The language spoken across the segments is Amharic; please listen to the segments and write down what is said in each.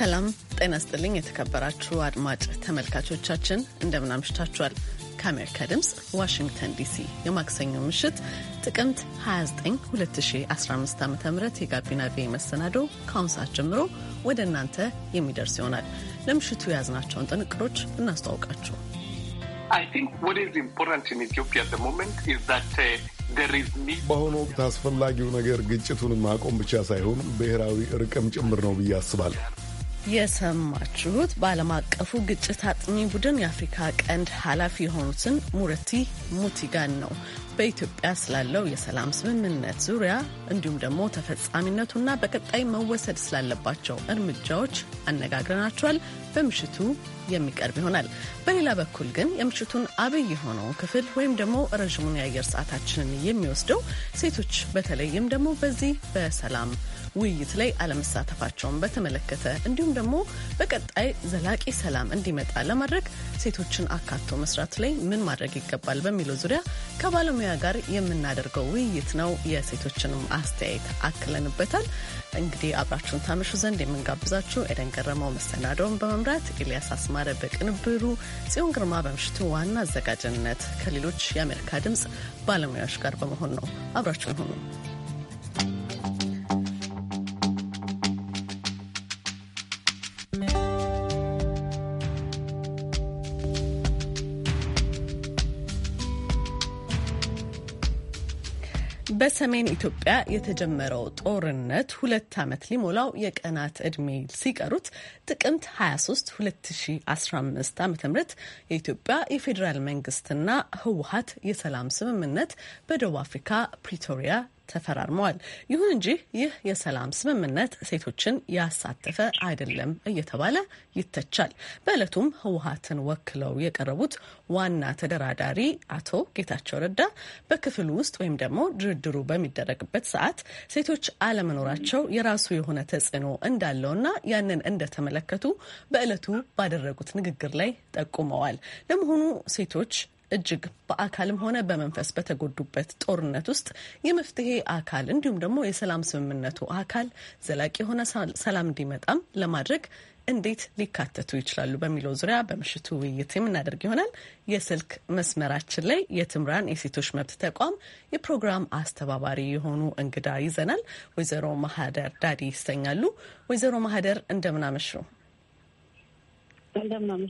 ሰላም ጤና ስጥልኝ። የተከበራችሁ አድማጭ ተመልካቾቻችን እንደምናምሽታችኋል። ከአሜሪካ ድምፅ ዋሽንግተን ዲሲ የማክሰኞ ምሽት ጥቅምት 29 2015 ዓ ም የጋቢና ቪ መሰናዶ ከአሁን ሰዓት ጀምሮ ወደ እናንተ የሚደርስ ይሆናል። ለምሽቱ የያዝናቸውን ጥንቅሮች እናስተዋውቃችሁ። uh, በአሁኑ ወቅት አስፈላጊው ነገር ግጭቱን ማቆም ብቻ ሳይሆን ብሔራዊ እርቅም ጭምር ነው ብዬ አስባለሁ። የሰማችሁት በዓለም አቀፉ ግጭት አጥኚ ቡድን የአፍሪካ ቀንድ ኃላፊ የሆኑትን ሙረቲ ሙቲጋን ነው። በኢትዮጵያ ስላለው የሰላም ስምምነት ዙሪያ እንዲሁም ደግሞ ተፈጻሚነቱና በቀጣይ መወሰድ ስላለባቸው እርምጃዎች አነጋግረናቸዋል። በምሽቱ የሚቀርብ ይሆናል። በሌላ በኩል ግን የምሽቱን አብይ የሆነው ክፍል ወይም ደግሞ ረዥሙን የአየር ሰዓታችንን የሚወስደው ሴቶች በተለይም ደግሞ በዚህ በሰላም ውይይት ላይ አለመሳተፋቸውን በተመለከተ እንዲሁም ደግሞ በቀጣይ ዘላቂ ሰላም እንዲመጣ ለማድረግ ሴቶችን አካቶ መስራት ላይ ምን ማድረግ ይገባል በሚለው ዙሪያ ከባለሙያ ሙያ ጋር የምናደርገው ውይይት ነው። የሴቶችንም አስተያየት አክለንበታል። እንግዲህ አብራችሁን ታመሹ ዘንድ የምንጋብዛችሁ ኤደን ገረመው መሰናዶውን በመምራት ኤልያስ አስማረ በቅንብሩ፣ ጽዮን ግርማ በምሽቱ ዋና አዘጋጅነት ከሌሎች የአሜሪካ ድምፅ ባለሙያዎች ጋር በመሆን ነው። አብራችሁን ሁኑ። በሰሜን ኢትዮጵያ የተጀመረው ጦርነት ሁለት ዓመት ሊሞላው የቀናት ዕድሜ ሲቀሩት ጥቅምት 23 2015 ዓ ም የኢትዮጵያ የፌዴራል መንግስትና ህወሀት የሰላም ስምምነት በደቡብ አፍሪካ ፕሪቶሪያ ተፈራርመዋል። ይሁን እንጂ ይህ የሰላም ስምምነት ሴቶችን ያሳተፈ አይደለም እየተባለ ይተቻል። በዕለቱም ህወሀትን ወክለው የቀረቡት ዋና ተደራዳሪ አቶ ጌታቸው ረዳ በክፍሉ ውስጥ ወይም ደግሞ ድርድሩ በሚደረግበት ሰዓት ሴቶች አለመኖራቸው የራሱ የሆነ ተጽዕኖ እንዳለውና ያንን እንደተመለከቱ በዕለቱ ባደረጉት ንግግር ላይ ጠቁመዋል። ለመሆኑ ሴቶች እጅግ በአካልም ሆነ በመንፈስ በተጎዱበት ጦርነት ውስጥ የመፍትሄ አካል እንዲሁም ደግሞ የሰላም ስምምነቱ አካል ዘላቂ የሆነ ሰላም እንዲመጣም ለማድረግ እንዴት ሊካተቱ ይችላሉ በሚለው ዙሪያ በምሽቱ ውይይት የምናደርግ ይሆናል። የስልክ መስመራችን ላይ የትምራን የሴቶች መብት ተቋም የፕሮግራም አስተባባሪ የሆኑ እንግዳ ይዘናል። ወይዘሮ ማህደር ዳዲ ይሰኛሉ። ወይዘሮ ማህደር እንደምናመሽ ነው። እንደምን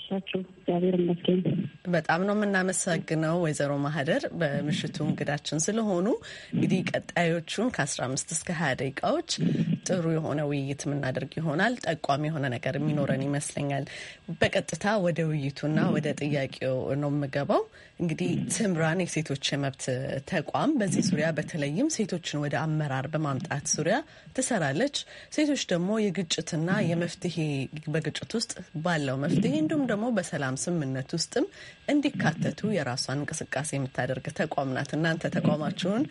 በጣም ነው የምናመሰግነው ወይዘሮ ማህደር በምሽቱ እንግዳችን ስለሆኑ። እንግዲህ ቀጣዮቹን ከአስራ አምስት እስከ ሀያ ደቂቃዎች ጥሩ የሆነ ውይይት የምናደርግ ይሆናል። ጠቋሚ የሆነ ነገር የሚኖረን ይመስለኛል። በቀጥታ ወደ ውይይቱና ወደ ጥያቄው ነው የምገባው። እንግዲህ ትምራን የሴቶች የመብት ተቋም በዚህ ዙሪያ በተለይም ሴቶችን ወደ አመራር በማምጣት ዙሪያ ትሰራለች። ሴቶች ደግሞ የግጭትና የመፍትሄ በግጭት ውስጥ ባለው መፍ መፍትሄ እንዲሁም ደግሞ በሰላም ስምምነት ውስጥም እንዲካተቱ የራሷን እንቅስቃሴ የምታደርግ ተቋም ናት። እናንተ ተቋማችሁን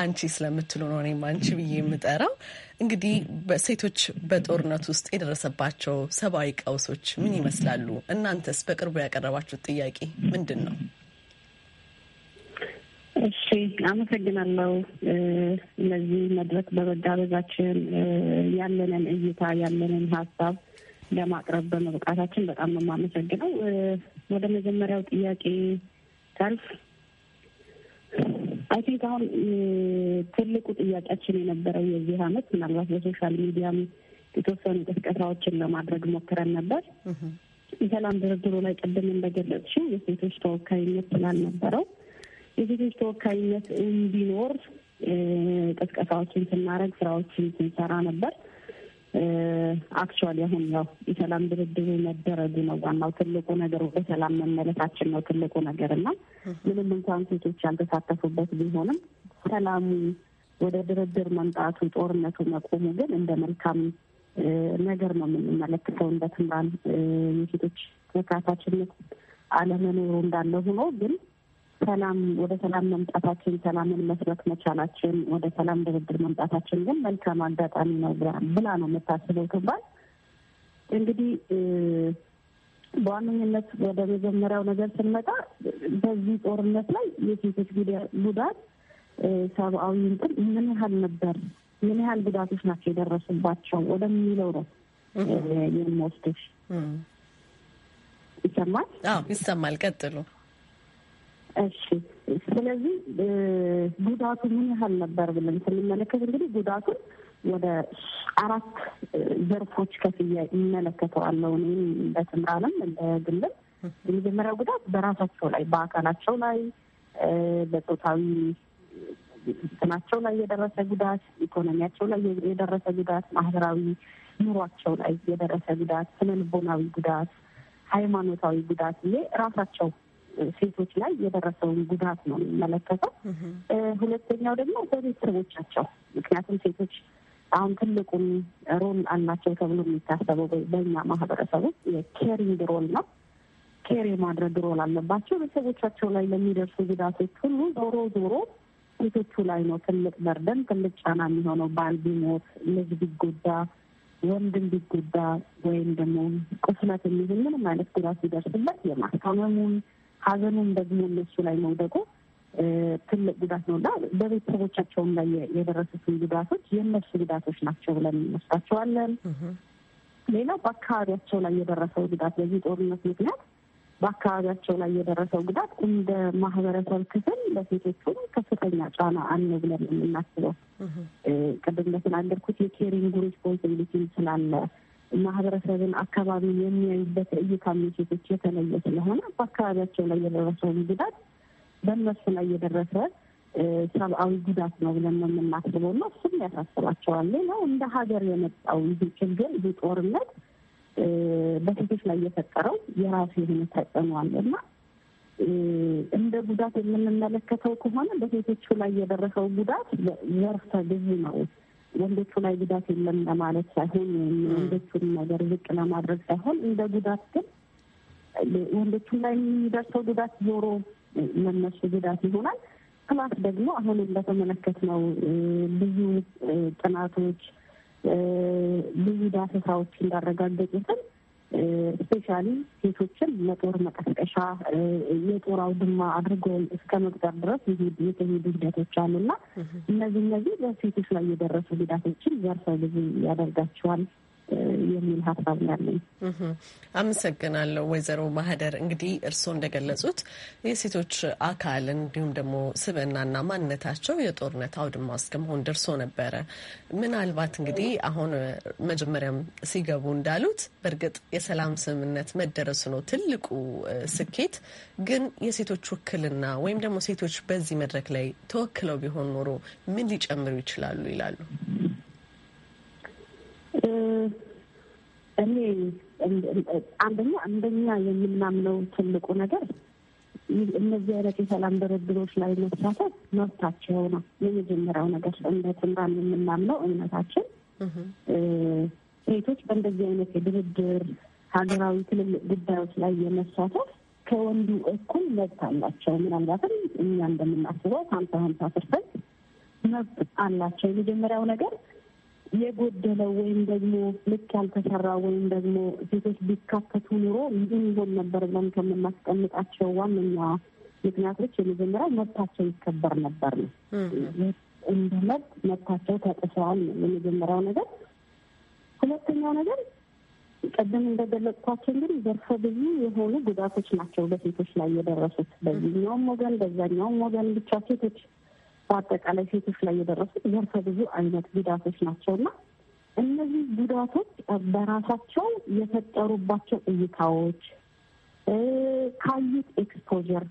አንቺ ስለምትሉ ነው እኔም አንቺ ብዬ የምጠራው። እንግዲህ ሴቶች በጦርነት ውስጥ የደረሰባቸው ሰብአዊ ቀውሶች ምን ይመስላሉ? እናንተስ በቅርቡ ያቀረባችሁት ጥያቄ ምንድን ነው? እሺ፣ አመሰግናለሁ። ለዚህ መድረክ በመጋበዛችን ያለንን እይታ ያለንን ሀሳብ ለማቅረብ በመብቃታችን በጣም ነው የማመሰግነው። ወደ መጀመሪያው ጥያቄ ሳልፍ አይ ቲንክ አሁን ትልቁ ጥያቄያችን የነበረው የዚህ አመት ምናልባት በሶሻል ሚዲያም የተወሰኑ ቅስቀሳዎችን ለማድረግ ሞክረን ነበር። የሰላም ድርድሩ ላይ ቅድም እንደገለጽሽው የሴቶች ተወካይነት ስላልነበረው የሴቶች ተወካይነት እንዲኖር ቅስቀሳዎችን ስናደርግ ስራዎችን ስንሰራ ነበር። አክቹዋሊ አሁን ያው የሰላም ድርድሩ መደረጉ ነው ዋናው ትልቁ ነገር፣ ወደ ሰላም መመለሳችን ነው ትልቁ ነገር እና ምንም እንኳን ሴቶች ያልተሳተፉበት ቢሆንም ሰላሙ ወደ ድርድር መምጣቱ ጦርነቱ መቆሙ ግን እንደ መልካም ነገር ነው የምንመለከተው። እንደ ትምራን የሴቶች መካታችን አለመኖሩ እንዳለ ሆኖ ግን ሰላም ወደ ሰላም መምጣታችን ሰላምን መስረት መቻላችን ወደ ሰላም ድርድር መምጣታችን ግን መልካም አጋጣሚ ነው ብላ ነው የምታስበው ትባል እንግዲህ በዋነኝነት ወደ መጀመሪያው ነገር ስንመጣ በዚህ ጦርነት ላይ የሴቶች ጉዳት ሰብአዊ እንትን ምን ያህል ነበር፣ ምን ያህል ጉዳቶች ናቸው የደረሱባቸው ወደሚለው ነው የሚወስዱሽ። ይሰማል? አዎ ይሰማል። ቀጥሉ። እሺ ስለዚህ ጉዳቱ ምን ያህል ነበር ብለን ስንመለከት እንግዲህ ጉዳቱን ወደ አራት ዘርፎች ከፍዬ እመለከተዋለሁ። እኔም በትምራንም እንደ ግልም የመጀመሪያው ጉዳት በራሳቸው ላይ በአካላቸው ላይ በጾታዊ እንትናቸው ላይ የደረሰ ጉዳት፣ ኢኮኖሚያቸው ላይ የደረሰ ጉዳት፣ ማህበራዊ ኑሯቸው ላይ የደረሰ ጉዳት፣ ስነልቦናዊ ጉዳት፣ ሃይማኖታዊ ጉዳት ብዬ ራሳቸው ሴቶች ላይ የደረሰውን ጉዳት ነው የሚመለከተው። ሁለተኛው ደግሞ በቤተሰቦቻቸው ምክንያቱም ሴቶች አሁን ትልቁን ሮል አላቸው ተብሎ የሚታሰበው በእኛ ማህበረሰቡ የኬሪንግ ሮል ነው። ኬር የማድረግ ሮል አለባቸው። ቤተሰቦቻቸው ላይ ለሚደርሱ ጉዳቶች ሁሉ ዞሮ ዞሮ ሴቶቹ ላይ ነው ትልቅ መርደን ትልቅ ጫና የሚሆነው። ባል ቢሞት፣ ልጅ ቢጎዳ፣ ወንድም ቢጎዳ ወይም ደግሞ ቁስለት የሚሆን ምንም አይነት ጉዳት ቢደርስበት የማስታመሙን ሀዘኑም ደግሞ እነሱ ላይ መውደቁ ትልቅ ጉዳት ነው እና በቤተሰቦቻቸውም ላይ የደረሱትን ጉዳቶች የእነሱ ጉዳቶች ናቸው ብለን እንወስዳቸዋለን። ሌላው በአካባቢያቸው ላይ የደረሰው ጉዳት በዚህ ጦርነት ምክንያት በአካባቢያቸው ላይ የደረሰው ጉዳት እንደ ማህበረሰብ ክፍል ለሴቶቹም ከፍተኛ ጫና አለ ብለን የምናስበው ቅድም በተናገርኩት የኬሪንግ ሪስፖንሲቢሊቲ ስላለ ማህበረሰብን አካባቢ የሚያዩበት እይታ ሴቶች የተለየ ስለሆነ በአካባቢያቸው ላይ የደረሰውን ጉዳት በእነሱ ላይ የደረሰ ሰብአዊ ጉዳት ነው ብለን ነው የምናስበው እና እሱም ያሳስባቸዋል። ሌላው እንደ ሀገር የመጣው ይህ ችግር ይህ ጦርነት በሴቶች ላይ የፈጠረው የራሱ የሆነ ተጽዕኖ አለ እና እንደ ጉዳት የምንመለከተው ከሆነ በሴቶቹ ላይ የደረሰው ጉዳት ዘርፈ ብዙ ነው። ወንዶቹ ላይ ጉዳት የለም ለማለት ሳይሆን ወንዶቹን ነገር ዝቅ ለማድረግ ሳይሆን እንደ ጉዳት ግን ወንዶቹ ላይ የሚደርሰው ጉዳት ዞሮ መነሱ ጉዳት ይሆናል። ፕላስ ደግሞ አሁን እንደተመለከትነው ብዙ ጥናቶች ብዙ ዳሰሳዎች እንዳረጋገጡትን ስፔሻሊ ሴቶችን ለጦር መቀስቀሻ የጦር አውድማ አድርጎ እስከ መቅጠር ድረስ የተሄዱ ሂደቶች አሉና እነዚህ እነዚህ በሴቶች ላይ የደረሱ ጉዳቶችን ዘርፈ ብዙ ያደርጋቸዋል። የሚል ሀሳብ ላለኝ። አመሰግናለሁ ወይዘሮ ማህደር። እንግዲህ እርስዎ እንደገለጹት የሴቶች አካል እንዲሁም ደግሞ ስብዕናና ማንነታቸው የጦርነት አውድማ ውስጥ ደርሶ ነበረ። ምናልባት እንግዲህ አሁን መጀመሪያም ሲገቡ እንዳሉት በእርግጥ የሰላም ስምምነት መደረሱ ነው ትልቁ ስኬት። ግን የሴቶች ውክልና ወይም ደግሞ ሴቶች በዚህ መድረክ ላይ ተወክለው ቢሆን ኖሮ ምን ሊጨምሩ ይችላሉ ይላሉ? እኔ አንደኛ እንደኛ የምናምነው ትልቁ ነገር እነዚህ አይነት የሰላም ድርድሮች ላይ መሳተፍ መብታቸው ነው። የመጀመሪያው ነገር እንደ ትምራን የምናምነው እምነታችን ሴቶች በእንደዚህ አይነት የድርድር ሀገራዊ ትልልቅ ጉዳዮች ላይ የመሳተፍ ከወንዱ እኩል መብት አላቸው። ምናልባትም እኛ እንደምናስበው ሀምሳ ሀምሳ ፐርሰንት መብት አላቸው። የመጀመሪያው ነገር የጎደለው ወይም ደግሞ ልክ ያልተሰራ ወይም ደግሞ ሴቶች ቢካተቱ ኑሮ ምን ይሆን ነበር ብለን ከምናስቀምጣቸው ዋነኛ ምክንያቶች የመጀመሪያው መብታቸው ይከበር ነበር ነው። እንደ መብት መብታቸው ተጥሰዋል የመጀመሪያው ነገር። ሁለተኛው ነገር ቀደም እንደገለጽኳቸው እንግዲህ ዘርፈ ብዙ የሆኑ ጉዳቶች ናቸው በሴቶች ላይ የደረሱት። በዚህኛውም ወገን በዛኛውም ወገን ብቻ ሴቶች በአጠቃላይ ሴቶች ላይ የደረሱ ዘርፈ ብዙ አይነት ጉዳቶች ናቸውና እነዚህ ጉዳቶች በራሳቸው የፈጠሩባቸው እይታዎች ካዩት ኤክስፖጀር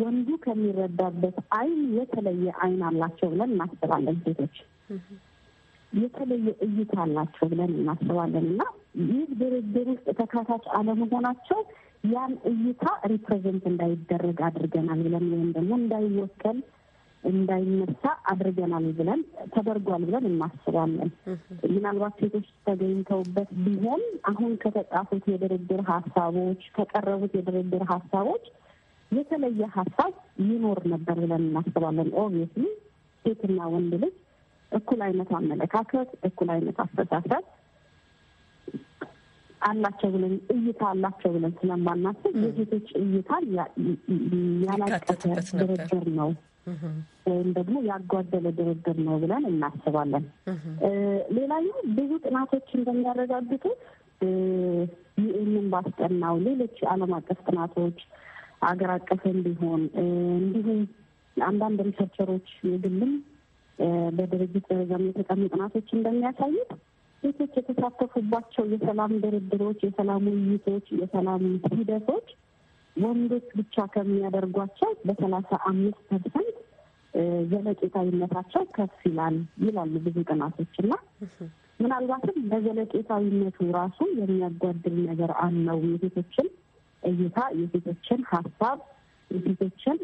ወንዱ ከሚረዳበት አይን የተለየ አይን አላቸው ብለን እናስባለን። ሴቶች የተለየ እይታ አላቸው ብለን እናስባለን እና ይህ ድርድር ውስጥ ተካታች አለመሆናቸው ያን እይታ ሪፕሬዘንት እንዳይደረግ አድርገናል ብለን ወይም ደግሞ እንዳይወከል እንዳይነሳ አድርገናል ብለን ተደርጓል ብለን እናስባለን። ምናልባት ሴቶች ተገኝተውበት ቢሆን አሁን ከተጻፉት የድርድር ሀሳቦች ከቀረቡት የድርድር ሀሳቦች የተለየ ሀሳብ ይኖር ነበር ብለን እናስባለን። ኦብቪየስሊ ሴትና ወንድ ልጅ እኩል አይነት አመለካከት፣ እኩል አይነት አስተሳሰብ አላቸው ብለን እይታ አላቸው ብለን ስለማናስብ የሴቶች እይታ ያላቀፈ ድርድር ነው ወይም ደግሞ ያጓደለ ድርድር ነው ብለን እናስባለን። ሌላኛው ብዙ ጥናቶች እንደሚያረጋግጡት ይህንን ባስጠናው ሌሎች የዓለም አቀፍ ጥናቶች አገር አቀፍም ቢሆን እንዲሁም አንዳንድ ሪሰርቸሮች የግልም በድርጅት ደረጃም ጥናቶች እንደሚያሳዩት ሴቶች የተሳተፉባቸው የሰላም ድርድሮች፣ የሰላም ውይይቶች፣ የሰላም ሂደቶች ወንዶች ብቻ ከሚያደርጓቸው በሰላሳ አምስት ፐርሰንት ዘለቄታዊነታቸው ከፍ ይላል ይላሉ ብዙ ጥናቶች እና ምናልባትም በዘለቄታዊነቱ ራሱ የሚያጓድል ነገር አለው። የሴቶችን እይታ፣ የሴቶችን ሀሳብ፣ የሴቶችን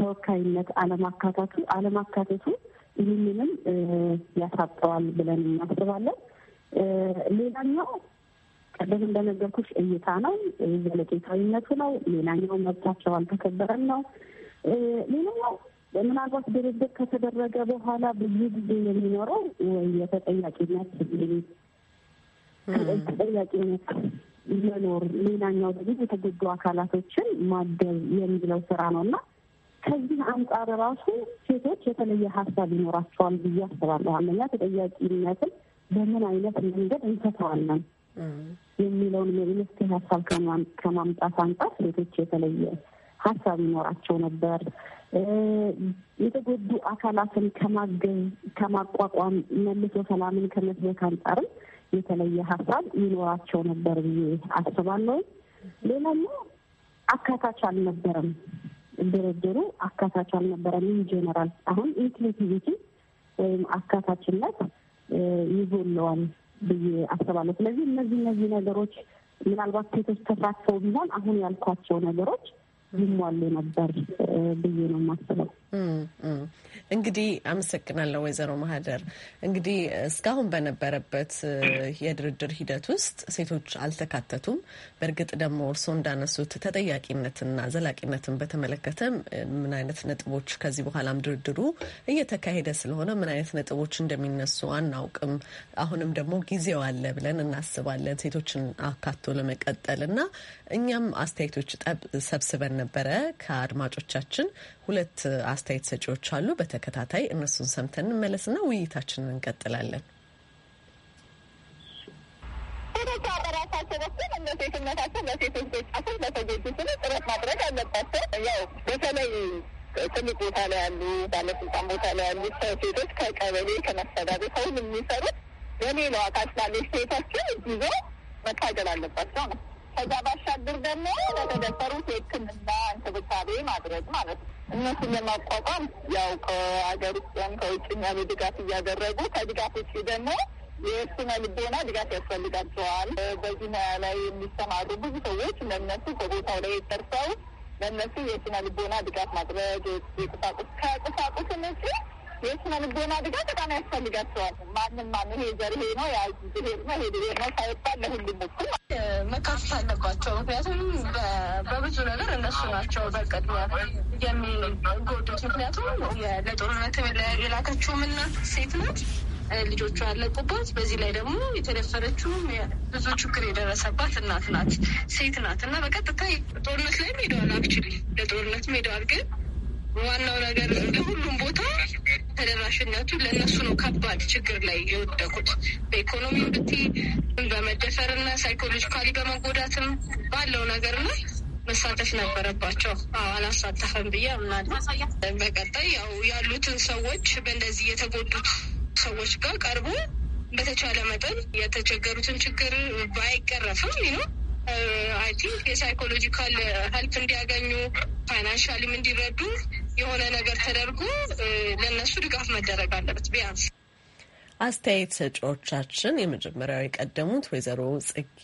ተወካይነት አለማካተቱ አለማካተቱ ይህንንም ያሳጠዋል ብለን እናስባለን። ሌላኛው ቀደም እንደነገርኩሽ እይታ ነው፣ ዘለቄታዊነቱ ነው። ሌላኛው መብታቸው አልተከበረም ነው። ሌላኛው ምናልባት ድርድር ከተደረገ በኋላ ብዙ ጊዜ የሚኖረው ወይ የተጠያቂነት ተጠያቂነት መኖር፣ ሌላኛው ደግሞ የተጎዱ አካላቶችን ማገዝ የሚለው ስራ ነው እና ከዚህ አንጻር ራሱ ሴቶች የተለየ ሀሳብ ይኖራቸዋል ብዬ አስባለሁ። አንደኛ ተጠያቂነትን በምን አይነት መንገድ እንፈተዋለን የሚለውን የመፍትሄ ሀሳብ ከማምጣት አንጻር ሴቶች የተለየ ሀሳብ ይኖራቸው ነበር። የተጎዱ አካላትን ከማገዝ ከማቋቋም፣ መልሶ ሰላምን ከመስበክ አንጻርም የተለየ ሀሳብ ይኖራቸው ነበር ብዬ አስባለሁ። ሌላኛው አካታች አልነበረም። ድርድሩ አካታች አልነበረም። ኢንጀነራል አሁን ኢንክሉሲቪቲ ወይም አካታችነት ይጎለዋል ብዬ አስባለሁ። ስለዚህ እነዚህ እነዚህ ነገሮች ምናልባት ሴቶች ተሳትፈው ቢሆን አሁን ያልኳቸው ነገሮች ይሟሉ ነበር ብዬ ነው የማስበው። እንግዲህ አመሰግናለሁ ወይዘሮ ማህደር። እንግዲህ እስካሁን በነበረበት የድርድር ሂደት ውስጥ ሴቶች አልተካተቱም። በእርግጥ ደግሞ እርስዎ እንዳነሱት ተጠያቂነትና ዘላቂነትን በተመለከተ ምን አይነት ነጥቦች ከዚህ በኋላም ድርድሩ እየተካሄደ ስለሆነ ምን አይነት ነጥቦች እንደሚነሱ አናውቅም። አሁንም ደግሞ ጊዜው አለ ብለን እናስባለን ሴቶችን አካቶ ለመቀጠል እና እኛም አስተያየቶች ሰብስበን ነበረ ከአድማጮቻችን ሁለት አስተያየት ሰጪዎች አሉ። በተከታታይ እነሱን ሰምተን እንመለስና ውይይታችንን እንቀጥላለን። ትልቅ ቦታ ላይ ያሉ ባለስልጣን ቦታ ላይ ያሉ ሰው ሴቶች ከቀበሌ ከመስተዳደር ሰውን የሚሰሩት ለሌላው አካል ስላለ ሴቶችን ይዞ መታገል አለባቸው ነው። ከዛ ባሻገር ደግሞ ለተደፈሩት የሕክምና እንክብካቤ ማድረግ ማለት ነው። እነሱን ለማቋቋም ያው ከሀገር ውስጥም ከውጭም ያሉ ድጋፍ እያደረጉ ከድጋፍ ውጭ ደግሞ የስነ ልቦና ድጋፍ ያስፈልጋቸዋል። በዚህ ሙያ ላይ የሚሰማሩ ብዙ ሰዎች ለእነሱ ከቦታው ላይ ደርሰው ለእነሱ የስነ ልቦና ድጋፍ ማድረግ የቁሳቁስ ከቁሳቁስ ውጭ የስነ ልቦና ድጋ በጣም ያስፈልጋቸዋል። ማንም ማን ይሄ ዘር ይሄ ነው ብሄር ነው ይሄ ድሄ ነው ሳይባል ለሁሉም እኩል መካፈት አለባቸው። ምክንያቱም በብዙ ነገር እነሱ ናቸው በቅድሚያ የሚጎዱት። ምክንያቱም ለጦርነት የላከችው እናት ሴት ናት። ልጆቹ ያለቁበት በዚህ ላይ ደግሞ የተደፈረችውም ብዙ ችግር የደረሰባት እናት ናት፣ ሴት ናት እና በቀጥታ ጦርነት ላይ ሄደዋል። አክቹዋሊ ለጦርነት ሄደዋል። ግን ዋናው ነገር ተነሳሽነቱ ለእነሱ ነው ከባድ ችግር ላይ የወደቁት። በኢኮኖሚ ብቲ በመደፈርና ሳይኮሎጂካሊ በመጎዳትም ባለው ነገር ላይ መሳተፍ ነበረባቸው። አላሳተፈም ብዬ አምናለሁ። በቀጣይ ያው ያሉትን ሰዎች በእንደዚህ የተጎዱት ሰዎች ጋር ቀርቦ በተቻለ መጠን የተቸገሩትን ችግር ባይቀረፍም ነው አይ ቲንክ የሳይኮሎጂካል ሄልፕ እንዲያገኙ ፋይናንሻሊም እንዲረዱ የሆነ ነገር ተደርጎ ለእነሱ ድጋፍ መደረግ አለበት ቢያንስ። አስተያየት ሰጪዎቻችን የመጀመሪያው የቀደሙት ወይዘሮ ጽጌ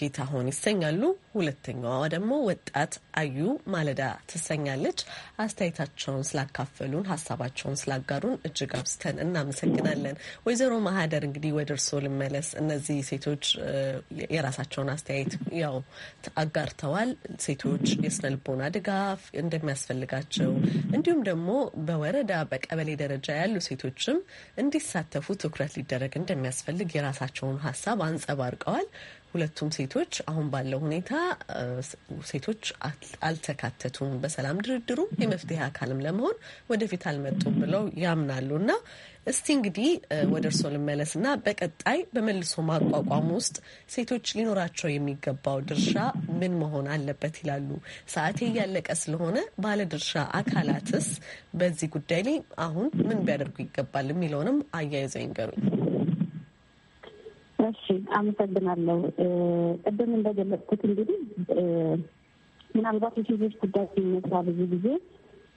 ጌታሆን ይሰኛሉ። ሁለተኛዋ ደግሞ ወጣት አዩ ማለዳ ትሰኛለች። አስተያየታቸውን ስላካፈሉን፣ ሀሳባቸውን ስላጋሩን እጅግ አብዝተን እናመሰግናለን። ወይዘሮ ማህደር እንግዲህ ወደ እርስዎ ልመለስ። እነዚህ ሴቶች የራሳቸውን አስተያየት ያው አጋርተዋል። ሴቶች የስነ ልቦና ድጋፍ እንደሚያስፈልጋቸው እንዲሁም ደግሞ በወረዳ በቀበሌ ደረጃ ያሉ ሴቶችም እንዲሳተፉ ትኩረት ሊደረግ እንደሚያስፈልግ የራሳቸውን ሀሳብ አንጸባርቀዋል። ሁለቱም ሴቶች አሁን ባለው ሁኔታ ሴቶች አልተካተቱም፣ በሰላም ድርድሩም የመፍትሄ አካልም ለመሆን ወደፊት አልመጡም ብለው ያምናሉ እና እስቲ እንግዲህ ወደ እርስዎ ልመለስ እና በቀጣይ በመልሶ ማቋቋም ውስጥ ሴቶች ሊኖራቸው የሚገባው ድርሻ ምን መሆን አለበት ይላሉ? ሰዓቴ እያለቀ ስለሆነ ባለድርሻ አካላትስ በዚህ ጉዳይ ላይ አሁን ምን ቢያደርጉ ይገባል የሚለውንም አያይዘው ይንገሩኝ። እሺ፣ አመሰግናለሁ። ቅድም እንደገለጽኩት እንግዲህ ምናልባት የሴቶች ጉዳይ ሲነሳ ብዙ ጊዜ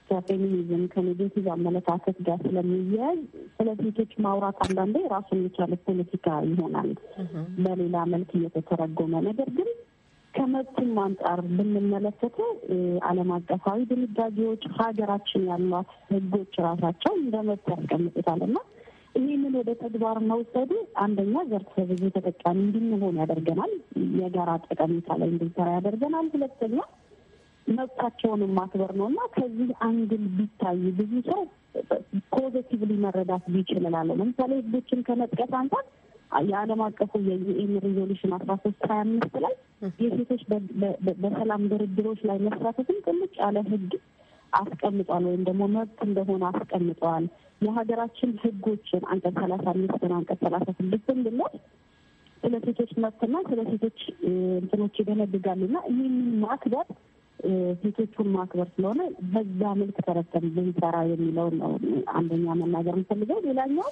ከፌሚኒዝም ከኔጌቲቭ አመለካከት ጋር ስለሚያያዝ ስለ ሴቶች ማውራት አንዳንዴ ራሱን የቻለ ፖለቲካ ይሆናል፣ በሌላ መልክ እየተተረጎመ ነገር ግን ከመብትም አንጻር ብንመለከተው ዓለም አቀፋዊ ድንጋጌዎች ሀገራችን ያሏት ሕጎች ራሳቸው እንደ መብት ያስቀምጡታል እና ይህንን ወደ ተግባር መውሰዱ አንደኛ ዘርፈ ብዙ ተጠቃሚ እንድንሆን ያደርገናል፣ የጋራ ጠቀሜታ ላይ እንድንሰራ ያደርገናል። ሁለተኛ መብታቸውንም ማክበር ነው እና ከዚህ አንግል ቢታይ ብዙ ሰው ፖዘቲቭሊ መረዳት ቢችል እላለሁ። ለምሳሌ ህጎችን ከመጥቀስ አንጻር የዓለም አቀፉ የዩኤን ሪዞሉሽን አስራ ሶስት ሀያ አምስት ላይ የሴቶች በሰላም ድርድሮች ላይ መሳተፍን ጥልቅ ያለ ህግ አስቀምጧል ወይም ደግሞ መብት እንደሆነ አስቀምጠዋል። የሀገራችን ህጎችን አንቀጽ ሰላሳ አምስትን አንቀጽ ሰላሳ ስድስትን ብለው ስለ ሴቶች መብትና ስለ ሴቶች እንትኖች ይደነግጋሉና ይህንን ማክበር ሴቶቹን ማክበር ስለሆነ በዛ መልክ ተረተን ልንሰራ የሚለውን ነው አንደኛ መናገር እንፈልገው። ሌላኛው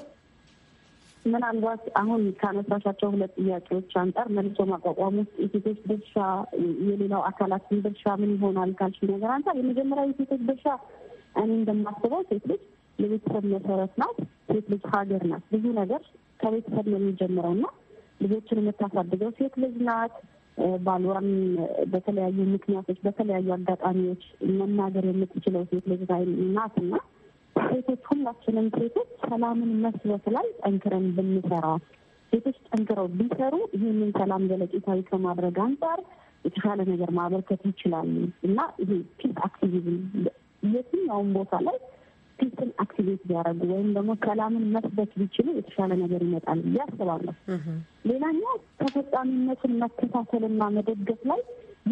ምናልባት አሁን ካነሳሻቸው ሁለት ጥያቄዎች አንጻር መልሶ ማቋቋም ውስጥ የሴቶች ድርሻ የሌላው አካላትን ድርሻ ምን ይሆናል ካልሽ ነገር አንጻር የመጀመሪያ የሴቶች ድርሻ እኔ እንደማስበው ሴት ልጅ የቤተሰብ መሰረት ናት። ሴት ልጅ ሀገር ናት። ብዙ ነገር ከቤተሰብ ነው የሚጀምረውና ልጆችን የምታሳድገው ሴት ልጅ ናት። ባሏን በተለያዩ ምክንያቶች፣ በተለያዩ አጋጣሚዎች መናገር የምትችለው ሴት ልጅ ናትና ሴቶች ሁላችንም ሴቶች ሰላምን መስበት ላይ ጠንክረን ብንሰራ ሴቶች ጠንክረው ቢሰሩ ይህንን ሰላም ዘለቄታዊ ከማድረግ አንጻር የተሻለ ነገር ማበርከት ይችላሉ እና ይሄ ፒስ አክቲቪዝም የትኛውም ቦታ ላይ ፒስን አክቲቬት ቢያደርጉ ወይም ደግሞ ሰላምን መስበት ቢችሉ የተሻለ ነገር ይመጣል ብዬ አስባለሁ። ሌላኛው ተፈጻሚነትን መከታተልና መደገፍ ላይ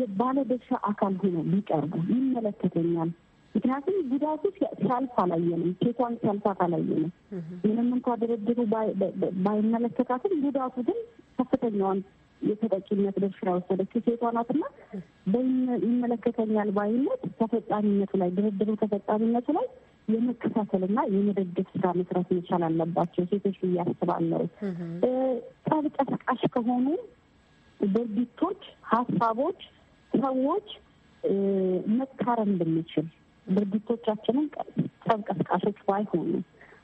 የባለድርሻ አካል ሆኖ ቢቀርቡ ይመለከተኛል ምክንያቱም ጉዳቱ ሲያልፍ አላየንም፣ ሴቷን ሲያልፋት አላየንም። ምንም እንኳ ድርድሩ ባይመለከታትም ጉዳቱ ግን ከፍተኛዋን የተጠቂነት ድርሻ የወሰደችው ሴቷ ናትና በይመለከተኛል ባይነት ተፈጻሚነቱ ላይ ድርድሩ ተፈጻሚነቱ ላይ የመከታተልና የመደገፍ ስራ መስራት መቻል አለባቸው ሴቶች እያስባለው ጠብ ቀስቃሽ ከሆኑ ድርጊቶች፣ ሀሳቦች፣ ሰዎች መካረም ብንችል ድርጊቶቻችንም ጠብ ቀስቃሾች ባይሆኑ፣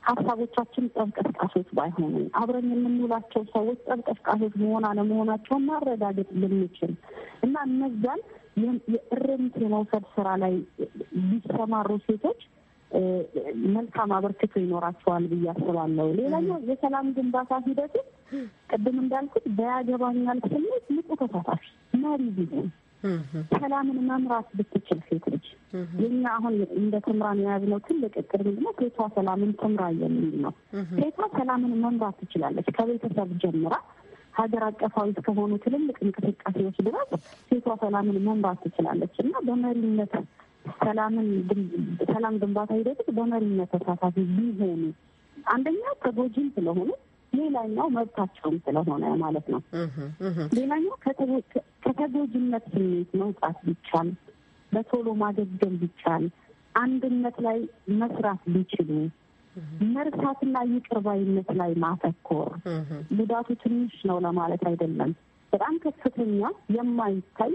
ሀሳቦቻችን ጠብ ቀስቃሾች ባይሆኑ፣ አብረን የምንውላቸው ሰዎች ጸብ ቀስቃሾች መሆን አለመሆናቸውን ማረጋገጥ ልንችል እና እነዛን የእርምት የመውሰድ ስራ ላይ ቢሰማሩ ሴቶች መልካም አበርክቶ ይኖራቸዋል ብዬ አስባለሁ። ሌላኛው የሰላም ግንባታ ሂደቱ ቅድም እንዳልኩት በያገባኛል ስሜት ንቁ ተሳታፊ መሪ ቢሆን ሰላምን መምራት ብትችል ሴት ልጅ የኛ አሁን እንደ ተምራን የያዝነው ትልቅ እቅድ ምንድነው? ሴቷ ሰላምን ትምራ የሚል ነው። ሴቷ ሰላምን መምራት ትችላለች ከቤተሰብ ጀምራ ሀገር አቀፋዊ እስከሆኑ ትልልቅ እንቅስቃሴዎች ድረስ ሴቷ ሰላምን መምራት ትችላለች እና በመሪነት ሰላምን ሰላም ግንባታ ሂደት በመሪነት ተሳታፊ ቢሆኑ አንደኛ ተጎጂም ስለሆኑ ሌላኛው መብታቸውም ስለሆነ ማለት ነው። ሌላኛው ከተጎጂነት ስሜት መውጣት ቢቻል፣ በቶሎ ማገገም ቢቻል፣ አንድነት ላይ መስራት ቢችሉ፣ መርሳትና ይቅርባይነት ላይ ማተኮር። ጉዳቱ ትንሽ ነው ለማለት አይደለም። በጣም ከፍተኛ የማይታይ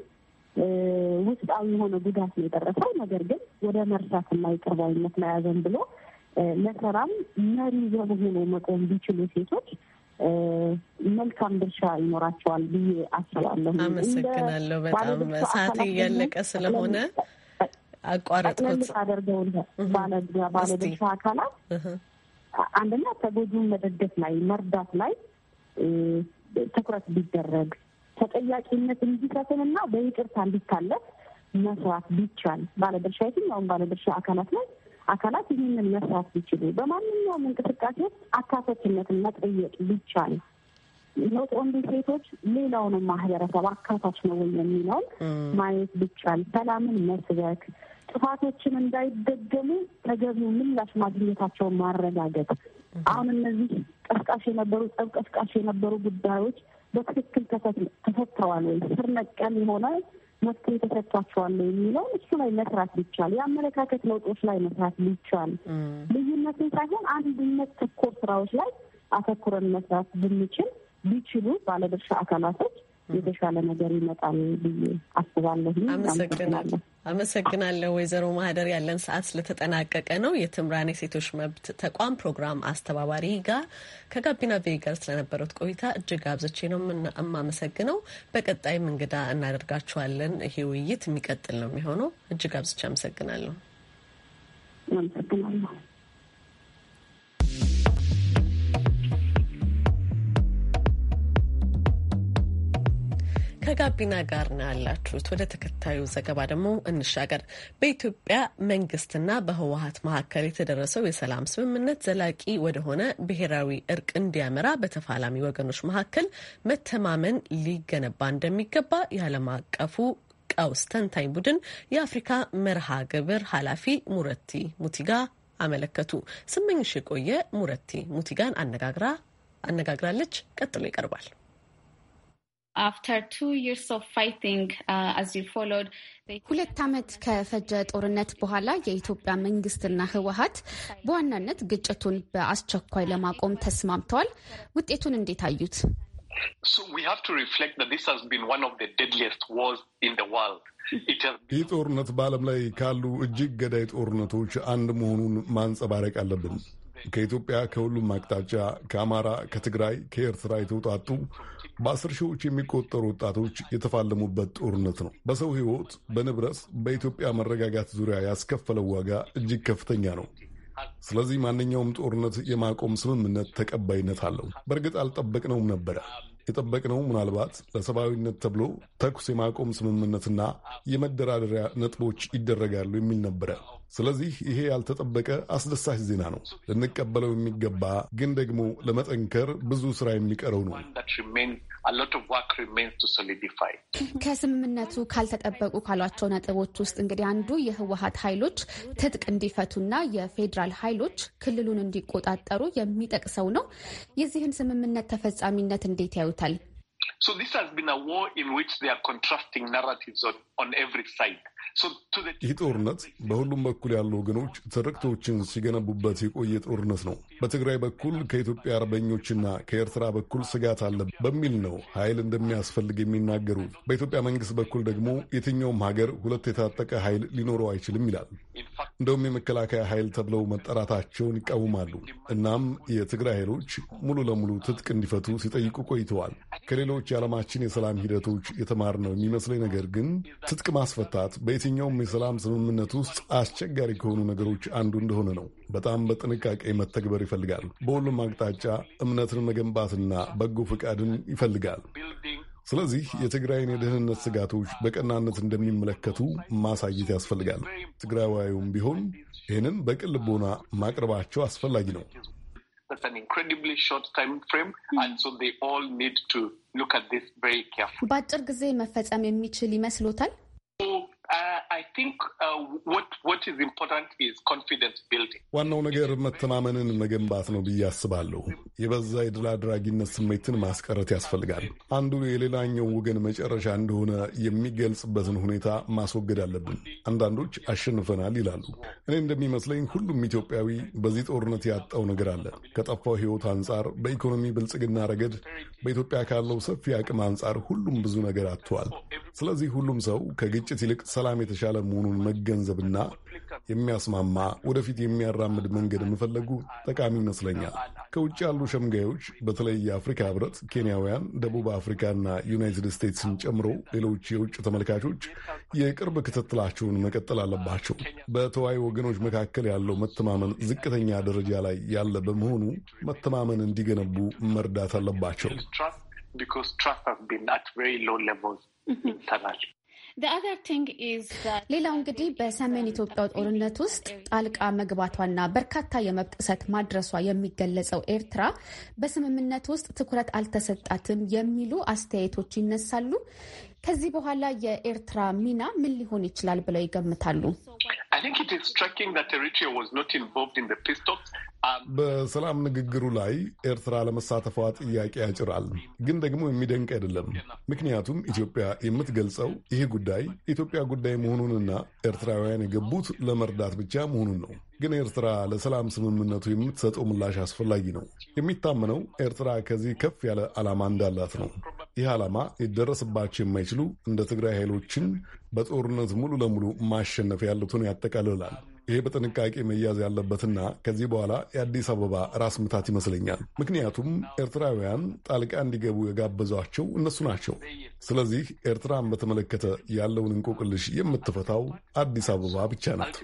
ውስጣዊ የሆነ ጉዳት ነው የደረሰው። ነገር ግን ወደ መርሳትና ይቅርባይነት ላይ ያዘን ብሎ ለሰራም መሪ በመሆኑ መቆም ቢችሉ ሴቶች መልካም ድርሻ ይኖራቸዋል ብዬ አስባለሁ። አመሰግናለሁ። በጣም ሰዓት እያለቀ ስለሆነ አቋረጥኩት። አደርገው ባለድርሻ አካላት አንደኛ ተጎጂውን መደገፍ ላይ መርዳት ላይ ትኩረት ቢደረግ ተጠያቂነት እንዲሰፍንና በይቅርታ እንዲታለፍ መስራት ቢቻል ባለድርሻ የትኛውን ባለድርሻ አካላት ላይ አካላት ይህንን መስራት ቢችሉ በማንኛውም እንቅስቃሴ ውስጥ አካታችነትን መጠየቅ ቢቻል ኖት ኦንሊ ሴቶች ሌላውንም ማህበረሰብ አካታች ነው ወይ የሚለውን ማየት ቢቻል ሰላምን መስበክ ጥፋቶችን እንዳይደገሙ ተገቢው ምላሽ ማግኘታቸውን ማረጋገጥ አሁን እነዚህ ቀስቃሽ የነበሩ ጸብ ቀስቃሽ የነበሩ ጉዳዮች በትክክል ተፈተዋል ወይ ስር ነቀል የሆነ መፍትሄ ተሰጥቷቸዋል የሚለው እሱ ላይ መስራት ቢቻል፣ የአመለካከት ለውጦች ላይ መስራት ቢቻል፣ ልዩነትን ሳይሆን አንድነት ተኮር ስራዎች ላይ አተኩረን መስራት ብንችል ቢችሉ ባለድርሻ አካላቶች የተሻለ ነገር ይመጣል ብዬ አስባለሁ። አመሰግናለሁ። አመሰግናለሁ ወይዘሮ ማህደር። ያለን ሰዓት ስለተጠናቀቀ ነው። የትምራን የሴቶች መብት ተቋም ፕሮግራም አስተባባሪ ጋር ከጋቢና ቤ ጋር ስለነበረት ቆይታ እጅግ አብዝቼ ነው የማመሰግነው። በቀጣይም እንግዳ እናደርጋችኋለን። ይሄ ውይይት የሚቀጥል ነው የሚሆነው። እጅግ አብዝቼ አመሰግናለሁ። ከጋቢና ጋር ነው ያላችሁት። ወደ ተከታዩ ዘገባ ደግሞ እንሻገር። በኢትዮጵያ መንግስትና በህወሀት መካከል የተደረሰው የሰላም ስምምነት ዘላቂ ወደሆነ ብሔራዊ እርቅ እንዲያመራ በተፋላሚ ወገኖች መካከል መተማመን ሊገነባ እንደሚገባ የዓለም አቀፉ ቀውስ ተንታኝ ቡድን የአፍሪካ መርሃ ግብር ኃላፊ ሙረቲ ሙቲጋ አመለከቱ። ስመኝሽ የቆየ ሙረቲ ሙቲጋን አነጋግራ አነጋግራለች። ቀጥሎ ይቀርባል። ሁለት ዓመት ከፈጀ ጦርነት በኋላ የኢትዮጵያ መንግስትና ህወሀት በዋናነት ግጭቱን በአስቸኳይ ለማቆም ተስማምተዋል። ውጤቱን እንዴት አዩት? ይህ ጦርነት በዓለም ላይ ካሉ እጅግ ገዳይ ጦርነቶች አንድ መሆኑን ማንጸባረቅ አለብን። ከኢትዮጵያ ከሁሉም አቅጣጫ ከአማራ፣ ከትግራይ፣ ከኤርትራ የተውጣጡ በአስር ሺዎች የሚቆጠሩ ወጣቶች የተፋለሙበት ጦርነት ነው። በሰው ሕይወት፣ በንብረት፣ በኢትዮጵያ መረጋጋት ዙሪያ ያስከፈለው ዋጋ እጅግ ከፍተኛ ነው። ስለዚህ ማንኛውም ጦርነት የማቆም ስምምነት ተቀባይነት አለው። በእርግጥ አልጠበቅነውም ነበረ። የጠበቅነው ምናልባት ለሰብአዊነት ተብሎ ተኩስ የማቆም ስምምነትና የመደራደሪያ ነጥቦች ይደረጋሉ የሚል ነበረ። ስለዚህ ይሄ ያልተጠበቀ አስደሳች ዜና ነው። ልንቀበለው የሚገባ ግን ደግሞ ለመጠንከር ብዙ ስራ የሚቀረው ነው። ከስምምነቱ ካልተጠበቁ ካሏቸው ነጥቦች ውስጥ እንግዲህ አንዱ የህወሀት ኃይሎች ትጥቅ እንዲፈቱና የፌዴራል ኃይሎች ክልሉን እንዲቆጣጠሩ የሚጠቅሰው ነው። የዚህን ስምምነት ተፈጻሚነት እንዴት ያዩታል? ይህ ጦርነት በሁሉም በኩል ያሉ ወገኖች ትርክቶችን ሲገነቡበት የቆየ ጦርነት ነው። በትግራይ በኩል ከኢትዮጵያ አርበኞችና ከኤርትራ በኩል ስጋት አለ በሚል ነው ኃይል እንደሚያስፈልግ የሚናገሩ። በኢትዮጵያ መንግስት በኩል ደግሞ የትኛውም ሀገር ሁለት የታጠቀ ኃይል ሊኖረው አይችልም ይላል። እንደውም የመከላከያ ኃይል ተብለው መጠራታቸውን ይቃወማሉ። እናም የትግራይ ኃይሎች ሙሉ ለሙሉ ትጥቅ እንዲፈቱ ሲጠይቁ ቆይተዋል። ከሌሎች የዓለማችን የሰላም ሂደቶች የተማር ነው የሚመስለኝ ነገር ግን ትጥቅ ማስፈታት በየትኛውም የሰላም ስምምነት ውስጥ አስቸጋሪ ከሆኑ ነገሮች አንዱ እንደሆነ ነው። በጣም በጥንቃቄ መተግበር ይፈልጋል። በሁሉም አቅጣጫ እምነትን መገንባትና በጎ ፈቃድን ይፈልጋል። ስለዚህ የትግራይን የደህንነት ስጋቶች በቀናነት እንደሚመለከቱ ማሳየት ያስፈልጋል። ትግራዋዩም ቢሆን ይህንን በቅን ልቦና ማቅረባቸው አስፈላጊ ነው። That's an incredibly short time frame, mm. and so they all need to look at this very carefully. በአጭር ጊዜ ዋናው ነገር መተማመንን መገንባት ነው ብዬ አስባለሁ። የበዛ የድል አድራጊነት ስሜትን ማስቀረት ያስፈልጋል። አንዱ የሌላኛው ወገን መጨረሻ እንደሆነ የሚገልጽበትን ሁኔታ ማስወገድ አለብን። አንዳንዶች አሸንፈናል ይላሉ። እኔ እንደሚመስለኝ ሁሉም ኢትዮጵያዊ በዚህ ጦርነት ያጣው ነገር አለ። ከጠፋው ሕይወት አንጻር፣ በኢኮኖሚ ብልጽግና ረገድ፣ በኢትዮጵያ ካለው ሰፊ አቅም አንጻር ሁሉም ብዙ ነገር አጥተዋል። ስለዚህ ሁሉም ሰው ከግጭት ይልቅ ሰላም የተሻለ መሆኑን መገንዘብና የሚያስማማ ወደፊት የሚያራምድ መንገድ መፈለጉ ጠቃሚ ይመስለኛል። ከውጭ ያሉ ሸምጋዮች በተለይ የአፍሪካ ህብረት፣ ኬንያውያን፣ ደቡብ አፍሪካና ዩናይትድ ስቴትስን ጨምሮ ሌሎች የውጭ ተመልካቾች የቅርብ ክትትላቸውን መቀጠል አለባቸው። በተዋይ ወገኖች መካከል ያለው መተማመን ዝቅተኛ ደረጃ ላይ ያለ በመሆኑ መተማመን እንዲገነቡ መርዳት አለባቸው። ሌላው እንግዲህ um, በሰሜን ኢትዮጵያው ጦርነት ውስጥ uh, ጣልቃ መግባቷና በርካታ የመብት ጥሰት ማድረሷ የሚገለጸው ኤርትራ በስምምነት ውስጥ ትኩረት አልተሰጣትም የሚሉ አስተያየቶች ይነሳሉ። ከዚህ በኋላ የኤርትራ ሚና ምን ሊሆን ይችላል ብለው ይገምታሉ? Um, በሰላም ንግግሩ ላይ ኤርትራ ለመሳተፏ ጥያቄ ያጭራል። ግን ደግሞ የሚደንቅ አይደለም። ምክንያቱም ኢትዮጵያ የምትገልጸው ይህ ጉዳይ የኢትዮጵያ ጉዳይ መሆኑንና ኤርትራውያን የገቡት ለመርዳት ብቻ መሆኑን ነው። ግን ኤርትራ ለሰላም ስምምነቱ የምትሰጠው ምላሽ አስፈላጊ ነው። የሚታመነው ኤርትራ ከዚህ ከፍ ያለ ዓላማ እንዳላት ነው። ይህ ዓላማ ሊደረስባቸው የማይችል የሚችሉ እንደ ትግራይ ኃይሎችን በጦርነት ሙሉ ለሙሉ ማሸነፍ ያሉትን ያጠቃልላል። ይሄ በጥንቃቄ መያዝ ያለበትና ከዚህ በኋላ የአዲስ አበባ ራስ ምታት ይመስለኛል። ምክንያቱም ኤርትራውያን ጣልቃ እንዲገቡ የጋበዟቸው እነሱ ናቸው። ስለዚህ ኤርትራን በተመለከተ ያለውን እንቆቅልሽ የምትፈታው አዲስ አበባ ብቻ ናት።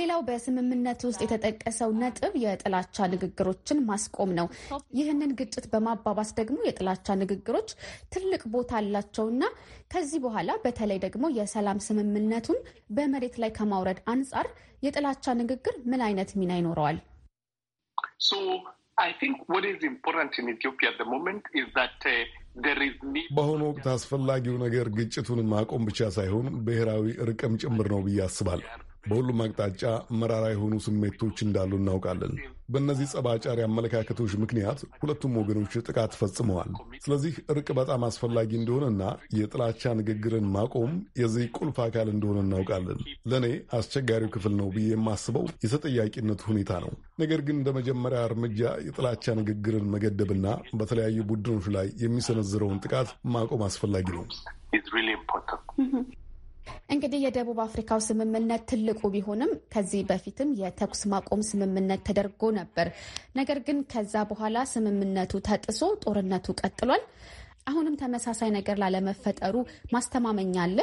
ሌላው በስምምነት ውስጥ የተጠቀሰው ነጥብ የጥላቻ ንግግሮችን ማስቆም ነው። ይህንን ግጭት በማባባስ ደግሞ የጥላቻ ንግግሮች ትልቅ ቦታ አላቸውና ከዚህ በኋላ በኋላ በተለይ ደግሞ የሰላም ስምምነቱን በመሬት ላይ ከማውረድ አንጻር የጥላቻ ንግግር ምን አይነት ሚና ይኖረዋል? Uh, በአሁኑ ወቅት አስፈላጊው ነገር ግጭቱን ማቆም ብቻ ሳይሆን ብሔራዊ እርቅም ጭምር ነው ብዬ አስባለሁ። በሁሉም አቅጣጫ መራራ የሆኑ ስሜቶች እንዳሉ እናውቃለን። በእነዚህ ጸባጫሪ አመለካከቶች ምክንያት ሁለቱም ወገኖች ጥቃት ፈጽመዋል። ስለዚህ እርቅ በጣም አስፈላጊ እንደሆነና የጥላቻ ንግግርን ማቆም የዚህ ቁልፍ አካል እንደሆነ እናውቃለን። ለእኔ አስቸጋሪው ክፍል ነው ብዬ የማስበው የተጠያቂነት ሁኔታ ነው። ነገር ግን እንደ መጀመሪያ እርምጃ የጥላቻ ንግግርን መገደብና በተለያዩ ቡድኖች ላይ የሚሰነዝረውን ጥቃት ማቆም አስፈላጊ ነው። እንግዲህ የደቡብ አፍሪካው ስምምነት ትልቁ ቢሆንም ከዚህ በፊትም የተኩስ ማቆም ስምምነት ተደርጎ ነበር። ነገር ግን ከዛ በኋላ ስምምነቱ ተጥሶ ጦርነቱ ቀጥሏል። አሁንም ተመሳሳይ ነገር ላለመፈጠሩ ማስተማመኛ አለ።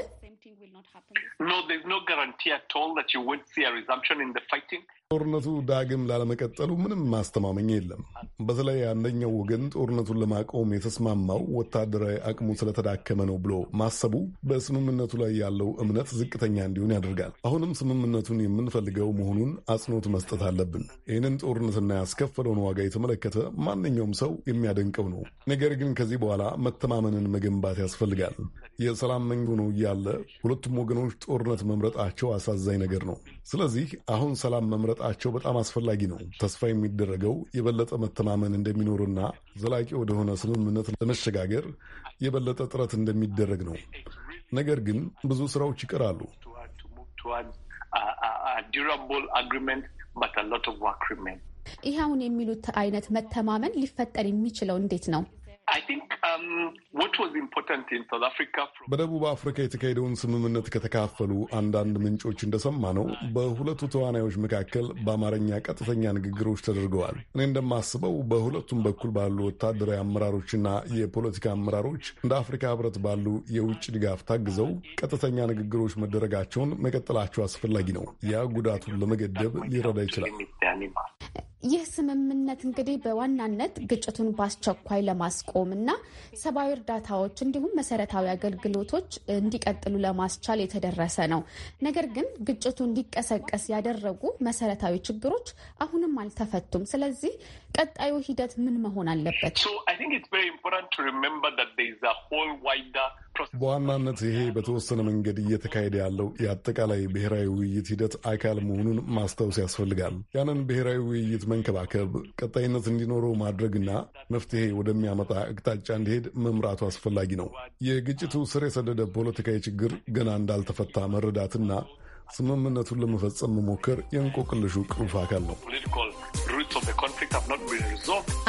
not happen? No, there's no guarantee at all that you see a resumption in the fighting. ጦርነቱ ዳግም ላለመቀጠሉ ምንም ማስተማመኛ የለም። በተለይ አንደኛው ወገን ጦርነቱን ለማቆም የተስማማው ወታደራዊ አቅሙ ስለተዳከመ ነው ብሎ ማሰቡ በስምምነቱ ላይ ያለው እምነት ዝቅተኛ እንዲሆን ያደርጋል። አሁንም ስምምነቱን የምንፈልገው መሆኑን አጽንኦት መስጠት አለብን። ይህንን ጦርነትና ያስከፈለውን ዋጋ የተመለከተ ማንኛውም ሰው የሚያደንቀው ነው። ነገር ግን ከዚህ በኋላ መተማመንን መገንባት ያስፈልጋል። የሰላም መንግ ነው እያለ ሁለቱ ሁለቱም ወገኖች ጦርነት መምረጣቸው አሳዛኝ ነገር ነው። ስለዚህ አሁን ሰላም መምረጣቸው በጣም አስፈላጊ ነው። ተስፋ የሚደረገው የበለጠ መተማመን እንደሚኖርና ዘላቂ ወደሆነ ስምምነት ለመሸጋገር የበለጠ ጥረት እንደሚደረግ ነው። ነገር ግን ብዙ ስራዎች ይቀራሉ። ይህ አሁን የሚሉት አይነት መተማመን ሊፈጠር የሚችለው እንዴት ነው? በደቡብ አፍሪካ የተካሄደውን ስምምነት ከተካፈሉ አንዳንድ ምንጮች እንደሰማ ነው በሁለቱ ተዋናዮች መካከል በአማርኛ ቀጥተኛ ንግግሮች ተደርገዋል። እኔ እንደማስበው በሁለቱም በኩል ባሉ ወታደራዊ አመራሮችና የፖለቲካ አመራሮች እንደ አፍሪካ ሕብረት ባሉ የውጭ ድጋፍ ታግዘው ቀጥተኛ ንግግሮች መደረጋቸውን መቀጠላቸው አስፈላጊ ነው። ያ ጉዳቱን ለመገደብ ሊረዳ ይችላል። ይህ ስምምነት እንግዲህ በዋናነት ግጭቱን በአስቸኳይ ለማስቆም እና ሰብአዊ እርዳታዎች እንዲሁም መሰረታዊ አገልግሎቶች እንዲቀጥሉ ለማስቻል የተደረሰ ነው። ነገር ግን ግጭቱ እንዲቀሰቀስ ያደረጉ መሰረታዊ ችግሮች አሁንም አልተፈቱም። ስለዚህ ቀጣዩ ሂደት ምን መሆን አለበት? በዋናነት ይሄ በተወሰነ መንገድ እየተካሄደ ያለው የአጠቃላይ ብሔራዊ ውይይት ሂደት አካል መሆኑን ማስታወስ ያስፈልጋል። ያንን ብሔራዊ ውይይት መንከባከብ፣ ቀጣይነት እንዲኖረው ማድረግና መፍትሄ ወደሚያመጣ አቅጣጫ እንዲሄድ መምራቱ አስፈላጊ ነው። የግጭቱ ስር የሰደደ ፖለቲካዊ ችግር ገና እንዳልተፈታ መረዳትና ስምምነቱን ለመፈጸም መሞከር የእንቆቅልሹ ቁልፍ አካል ነው።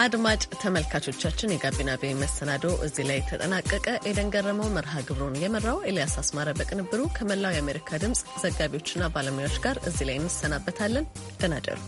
አድማጭ ተመልካቾቻችን የጋቢና ቤ መሰናዶ እዚህ ላይ ተጠናቀቀ። ኤደን ገረመው መርሃ ግብሩን የመራው፣ ኤልያስ አስማረ በቅንብሩ ከመላው የአሜሪካ ድምፅ ዘጋቢዎችና ባለሙያዎች ጋር እዚህ ላይ እንሰናበታለን። ደናደሩ